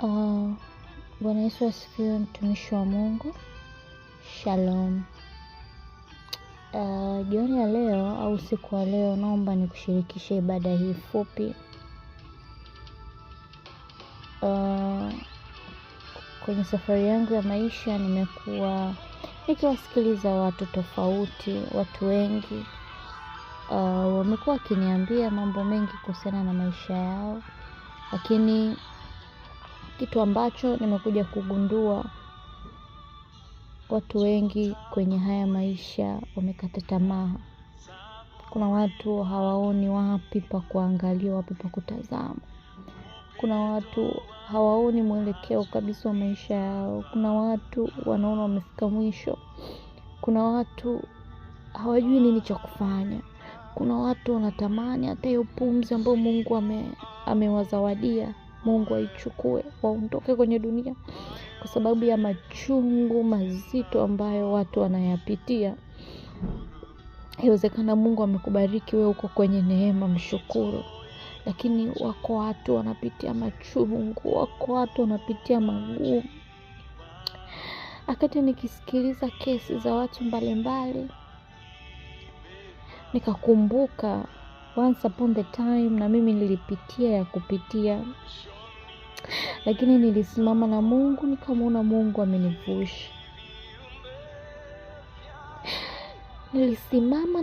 Uh, Bwana Yesu asifiwe, mtumishi wa Mungu. Shalom. Uh, jioni ya leo au usiku wa leo, naomba nikushirikishe ibada hii fupi. Uh, kwenye safari yangu ya maisha nimekuwa nikiwasikiliza watu tofauti, watu wengi uh, wamekuwa wakiniambia mambo mengi kuhusiana na maisha yao, lakini kitu ambacho nimekuja kugundua watu wengi kwenye haya maisha wamekata tamaa. Kuna watu hawaoni wapi pa kuangalia, wapi pa kutazama. Kuna watu hawaoni mwelekeo kabisa wa maisha yao. Kuna watu wanaona wamefika mwisho. Kuna watu hawajui nini cha kufanya. Kuna watu wanatamani hata hiyo pumzi ambayo Mungu ame, amewazawadia Mungu aichukue, waondoke kwenye dunia kwa sababu ya machungu mazito ambayo watu wanayapitia. Iwezekana Mungu amekubariki wewe, uko kwenye neema, mshukuru. Lakini wako watu wanapitia machungu, wako watu wanapitia magumu. akati nikisikiliza kesi za watu mbalimbali, nikakumbuka once upon the time na mimi nilipitia ya kupitia lakini nilisimama na Mungu nikamwona Mungu amenivusha, nilisimama